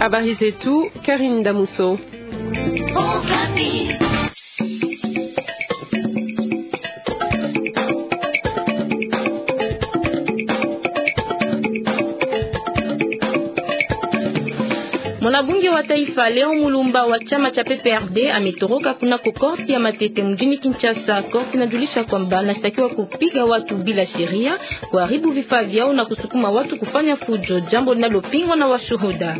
Habari zetu Karine Damuso. Mwanabunge wa taifa Leo Mulumba wa chama cha PPRD ametoroka kunako korti ya Matete mjini Kinshasa. Korti inajulisha kwamba anashtakiwa kupiga watu bila sheria, kuharibu vifaa vyao na kusukuma watu kufanya fujo, jambo linalopingwa na washuhuda.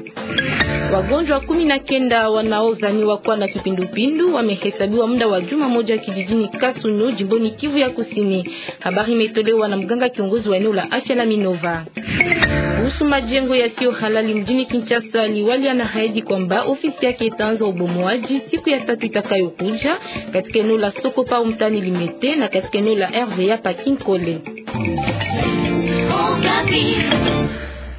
Wagonjwa kumi na kenda wanaozaniwa kuwa na kipindupindu wamehesabiwa muda wa juma moja kijijini Kasunu jimboni Kivu ya Kusini. Habari imetolewa na mganga kiongozi wa eneo la afya la Minova kuhusu majengo yasiyo halali mjini Kinshasa, liwali anaahidi kwamba ofisi yake itaanza ubomoaji siku ya tatu itakayokuja katika eneo la soko pa umtani Limete na katika eneo la RVA pa Kinkole. Oh,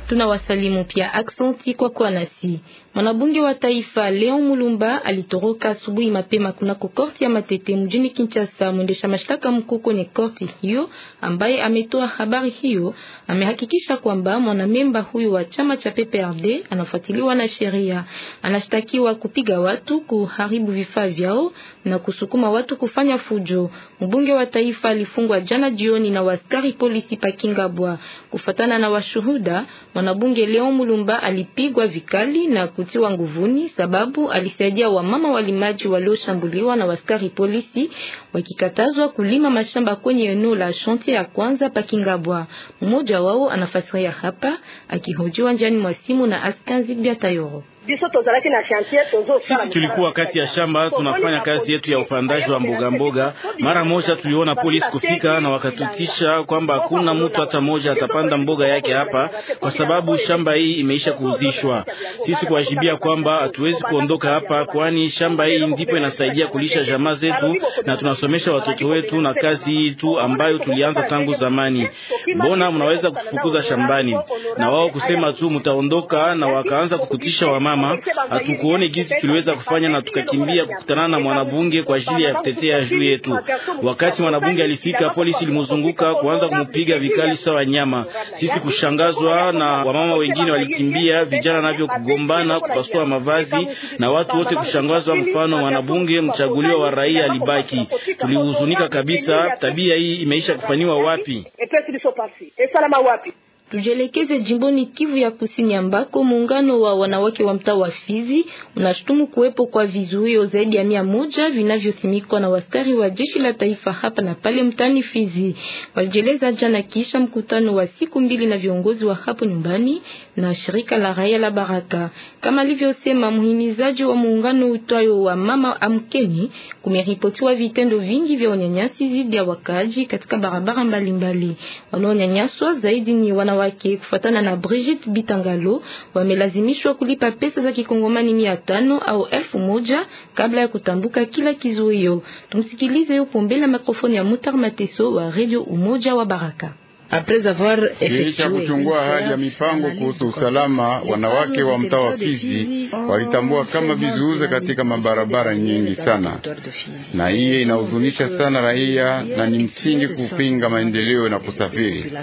Tunawasalimu pia aksanti kwa kuwa nasi. Mwanabunge wa taifa Leon Mulumba alitoroka asubuhi mapema kunako korti ya Matete mjini Kinshasa. Mwendesha mashtaka mkuu kwenye korti hiyo ambaye ametoa habari hiyo amehakikisha kwamba mwanamemba huyo wa chama cha PPRD anafuatiliwa na sheria. Anashtakiwa kupiga watu, kuharibu vifaa vyao na kusukuma watu kufanya fujo. Mbunge wa taifa alifungwa jana jioni na waskari polisi pakingabwa. Kufatana na washuhuda, mwanabunge Leon Mulumba alipigwa vikali na kutiwa nguvuni, sababu alisaidia wamama walimaji walioshambuliwa na waskari polisi wakikatazwa kulima mashamba kwenye eneo la shanti ya kwanza Pakingabwa. Mmoja wao anafasiria hapa, akihojiwa njani mwa simu na Askanzi Biatayoro. Sisi tulikuwa kati ya shamba tunafanya kazi yetu ya upandaji wa mboga mboga. Mara moja tuliona polisi kufika na wakatutisha kwamba hakuna mtu hata moja atapanda mboga yake hapa kwa sababu shamba hii imeisha kuuzishwa. Sisi kuwajibia kwamba hatuwezi kuondoka hapa, kwani shamba hii ndipo inasaidia kulisha jamaa zetu na tunasomesha watoto wetu na kazi hii tu ambayo tulianza tangu zamani. Mbona mnaweza kutufukuza shambani na wao kusema tu mtaondoka na wakaanza kukutisha wamama usalama. Hatukuone gisi tuliweza kufanya na tukakimbia kukutana na mwanabunge kwa ajili ya kutetea juu yetu. Wakati mwanabunge alifika, polisi ilimzunguka kuanza kumpiga vikali sawa nyama. Sisi kushangazwa na wamama wengine walikimbia, vijana navyo kugombana, kupasua mavazi na watu wote kushangazwa. Mfano mwanabunge mchaguliwa wa raia alibaki. Tulihuzunika kabisa. Tabia hii imeisha kufanywa wapi? Tujelekeze jimboni Kivu ya Kusini ambako muungano wa wanawake wa mtaa wa Fizi unashutumu kuwepo kwa vizuio zaidi ya mia moja vinavyosimikwa na waskari wa jeshi la taifa hapa na pale mtani Fizi. Walijeleza jana kisha mkutano wa siku mbili na viongozi wa hapo nyumbani na shirika la raia la Baraka. Kama alivyosema muhimizaji wa muungano utwayo wa Mama Amkeni, kumeripotiwa vitendo vingi vya unyanyasi dhidi ya wakaaji katika barabara mbalimbali. Wanaonyanyaswa zaidi ni wanawake wake kufuatana na Brigitte Bitangalo wamelazimishwa kulipa pesa za kikongomani mia tano au elfu moja kabla ya kutambuka kila kizuio. Tumsikilize yupo mbele ya mikrofoni ya Mutar Mateso wa Radio Umoja wa Baraka. Kisha kuchungua hali ya mipango kuhusu usalama, wanawake wa mtaa wa Fizi walitambua kama vizuizi katika mabarabara nyingi sana, na hiyo inahuzunisha sana raia na ni msingi kupinga maendeleo na kusafiri.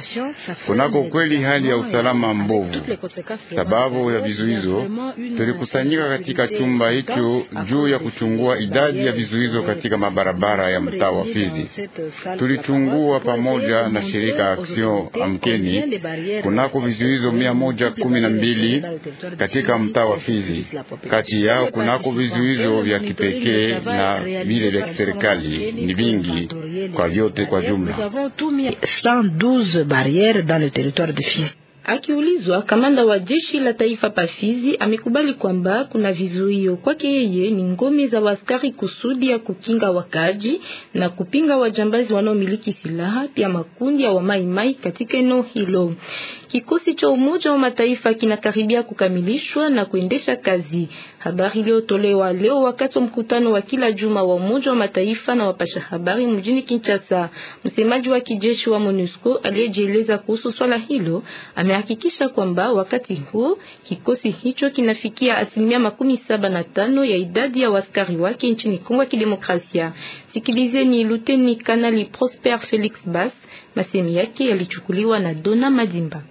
Kunako kweli hali ya usalama mbovu sababu ya vizuizo, tulikusanyika katika chumba hicho juu ya kuchungua idadi ya vizuizo katika mabarabara ya mtaa wa Fizi. Tulichungua pamoja na shirika Aksio Revolution amkeni kunako vizuizo mia moja kumi na mbili katika mtaa wa Fizi, kati yao kunako vizuizo vya kipekee na vile vya kiserikali ni vingi kwa vyote kwa jumla. Akiulizwa, kamanda wa jeshi la taifa Pafizi amekubali kwamba kuna vizuio kwake yeye ni ngome za waskari kusudi ya kukinga wakaji na kupinga wajambazi wanaomiliki silaha pia makundi ya wamaimai katika eneo hilo. Kikosi cha Umoja wa Mataifa kinakaribia kukamilishwa na kuendesha kazi. Habari iliyotolewa leo wakati wa mkutano wa kila juma wa Umoja wa Mataifa na wapasha habari mjini Kinshasa. Msemaji wa kijeshi wa MONUSCO aliyejieleza kuhusu swala hilo ame amehakikisha kwamba wakati huo kikosi hicho kinafikia asilimia makumi saba na tano ya idadi ya waskari wake nchini Kongo ya Kidemokrasia. Sikilizeni Luteni Kanali Prosper Felix Bas, masemi yake yalichukuliwa na Dona Madimba.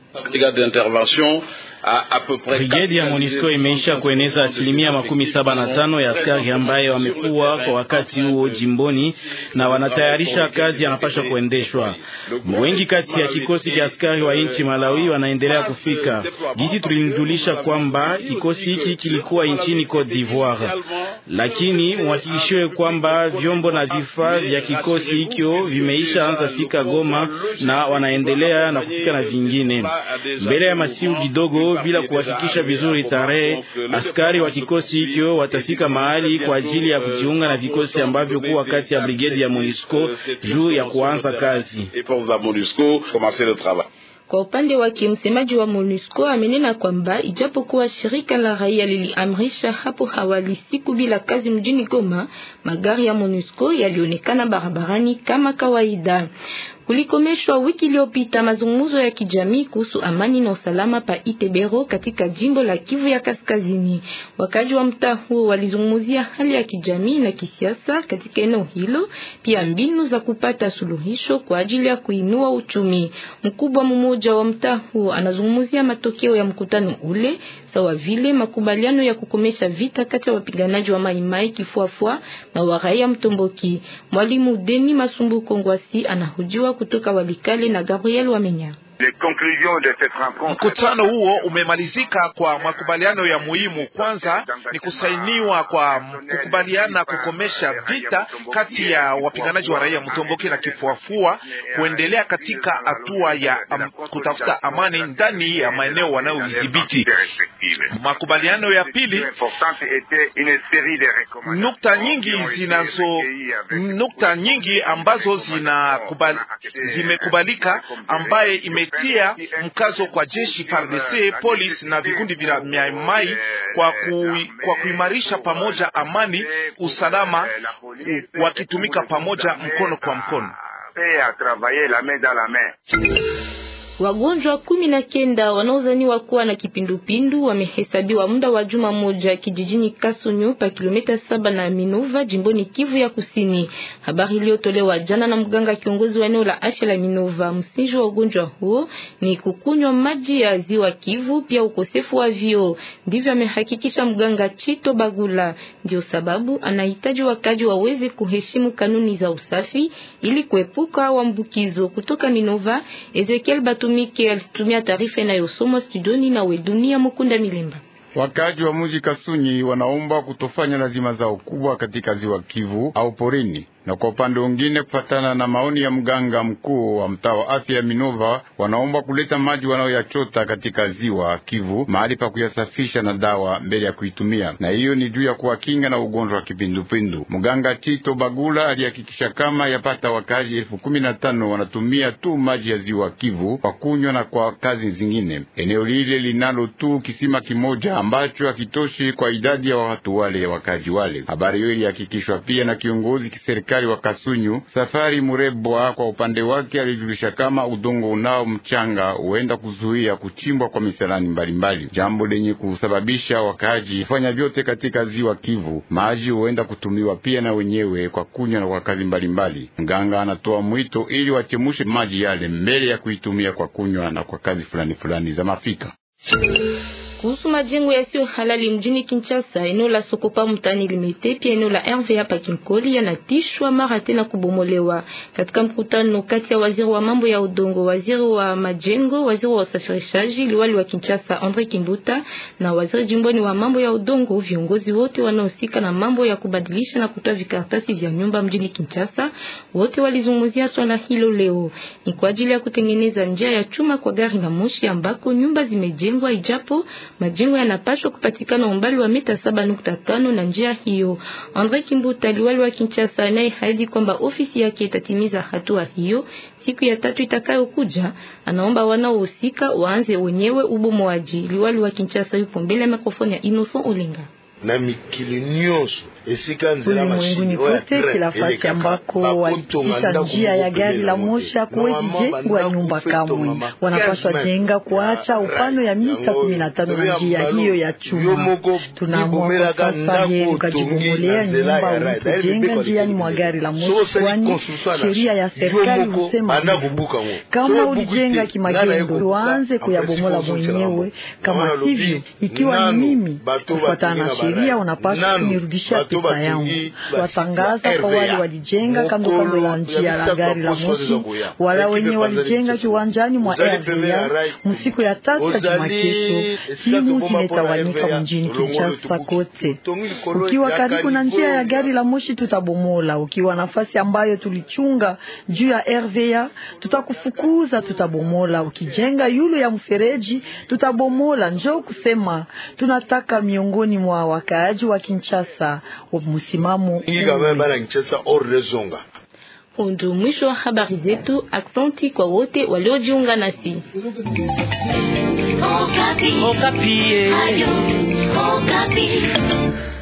Brigedi ya MONUSCO imeisha kueneza asilimia makumi saba na tano ya askari ambaye wamekuwa kwa wakati huo jimboni na wanatayarisha kazi yanapasha kuendeshwa. Wengi kati ya kikosi cha askari wa nchi Malawi wanaendelea kufika. jisi tulimjulisha kwamba kikosi hiki kilikuwa nchini Cote d'Ivoire, lakini muhakikishiwe kwamba vyombo na vifaa vya kikosi hikyo vimeisha anza fika Goma na wanaendelea na kufika na vingine mbele ya Masiu kidogo, bila kuhakikisha vizuri tarehe. Askari wa kikosi hicho watafika mahali kwa ajili ya kujiunga na vikosi ambavyo kuwa kati ya brigedi ya MONUSCO juu ya kuanza kazi. Kwa upande wake msemaji wa MONUSCO amenena kwamba ijapokuwa shirika la raia liliamrisha hapo hawali siku bila kazi mjini Goma, magari ya MONUSCO yalionekana barabarani kama kawaida. Kulikomeshwa wiki iliyopita mazungumzo ya kijamii kuhusu amani na usalama pa Itebero katika jimbo la Kivu ya Kaskazini. Wakaji wa mtaa huo walizungumzia hali ya kijamii na kisiasa katika eneo hilo, pia mbinu za kupata suluhisho kwa ajili ya kuinua uchumi. Mkubwa mmoja wa mtaa huo anazungumzia matokeo ya mkutano ule, sawa vile makubaliano ya kukomesha vita kati ya wapiganaji wa Maimai kifuafua na wa raia Mtomboki. Mwalimu Deni Masumbu Kongwasi anahojiwa kutoka Walikale na Gabriel Wamenya. Mkutano huo umemalizika kwa makubaliano ya muhimu. Kwanza ni kusainiwa kwa kukubaliana kukomesha vita kati ya wapiganaji wa raia Mtomboki na kifuafua, kuendelea katika hatua ya am, kutafuta amani ndani ya maeneo wanayodhibiti. Makubaliano ya pili, nukta nyingi zinazo nukta nyingi ambazo zimekubalika ambaye ime kupitia mkazo kwa jeshi FARDC, polisi na vikundi vya miaimai kwa, ku, kwa kuimarisha pamoja amani, usalama, wakitumika pamoja mkono kwa mkono. Wagonjwa kumi na kenda wanaozaniwa kuwa na kipindupindu wamehesabiwa muda wa juma moja kijijini Kasunyu pa kilomita saba na Minova jimboni Kivu ya Kusini. Habari iliyotolewa jana na mganga kiongozi wa eneo la afya la Minova. Msingi wa ugonjwa huo ni kukunywa maji ya ziwa Kivu, pia ukosefu wa vyoo. Ndivyo amehakikisha mganga Chito Bagula. Ndio sababu anahitaji wakaji waweze kuheshimu kanuni za usafi ili kuepuka wambukizo. Kutoka Minova, Ezekiel Batu Mike alitumia taarifa inayosomwa studioni na Wedunia Mukunda Milimba. Wakaji wa muji Kasunyi wanaomba kutofanya lazima zao kubwa katika ziwa Kivu au porini. Na kwa upande wengine, kufatana na maoni ya mganga mkuu wa mtaa wa afya ya Minova, wanaomba kuleta maji wanaoyachota katika ziwa Kivu mahali pa kuyasafisha na dawa mbele ya kuitumia, na hiyo ni juu ya kuwakinga na ugonjwa wa kipindupindu. Mganga Tito Bagula alihakikisha kama yapata wakazi elfu kumi na tano wanatumia tu maji ya ziwa Kivu kwa kunywa na kwa kazi zingine. Eneo lile linalo tu kisima kimoja ambacho hakitoshi kwa idadi ya watu wale wakazi wale. Habari hiyo ilihakikishwa pia na kiongozi kiserikali askari wa Kasunyu. Safari Murebwa kwa upande wake alijulisha kama udongo unao mchanga huenda kuzuia kuchimbwa kwa misalani mbalimbali, jambo lenye kusababisha wakaaji kufanya vyote katika ziwa Kivu. Maji huenda kutumiwa pia na wenyewe kwa kunywa na kwa kazi mbalimbali. Mganga anatoa mwito ili wachemushe maji yale mbele ya kuitumia kwa kunywa na kwa kazi fulani fulani za mafika. Kuhusu majengo yasiyo halali mjini Kinshasa, eneo la Sokopa mtani Limete pia eneo la RV hapa Kinkoli yanatishwa mara tena kubomolewa. Katika mkutano kati ya waziri wa mambo ya udongo, waziri wa majengo, waziri wa usafirishaji, liwali wa Kinshasa Andre Kimbuta na waziri jimboni wa mambo ya udongo, viongozi wote wanaohusika na mambo ya kubadilisha na kutoa vikaratasi vya nyumba mjini Kinshasa, wote walizungumzia swala hilo leo. Ni kwa ajili ya kutengeneza njia ya chuma kwa gari la moshi ambako nyumba zimejengwa ijapo Majengo yanapaswa kupatikana umbali wa mita 7.5 na njia hiyo. Andre Kimbuta, liwali wa Kinshasa, naye haidi kwamba ofisi yake itatimiza hatua hiyo siku ya tatu itakayokuja. Anaomba wanaohusika waanze wenyewe ubomoaji. Liwali wa Kinshasa yupo mbele ya mikrofoni ya Innocent Olinga na mikili nyoso esika nzela mashini oyo ya train bakotonga njia ya gari la moshi hakuwezijengwa nyumba kamwe. Wanapaswa jenga kuacha ah, upano ya mita kumi na tano na njia hiyo ya chuma. Tunaamua sasa yenu kajigomolea nyumba ulipojenga njiani mwa gari la moshi, kwani sheria ya serikali husema kama ulijenga kimagendo tuanze kuyabomola mwenyewe, kama sivyo, ikiwa ni mimi kufatana na sheria familia wanapaswa kunirudishia pesa yangu. Watangaza kwa wale walijenga kando kando ya njia la gari la moshi, wala wenye walijenga kiwanjani mwa RVA. Msiku ya tatu ya Jumakesho, simu zimetawanyika mjini Kinshasa kote. Ukiwa karibu na njia ya gari la moshi, tutabomola. Ukiwa nafasi ambayo tulichunga juu ya RVA, tutakufukuza, tutabomola. Ukijenga yulu ya mfereji, tutabomola. Njoo kusema tunataka miongoni mwa wakaaji wa Kinshasa wa msimamo pundu. Mwisho wa habari zetu. Aksanti kwa wote waliojiunga nasi Okapi. Okapi. Eh.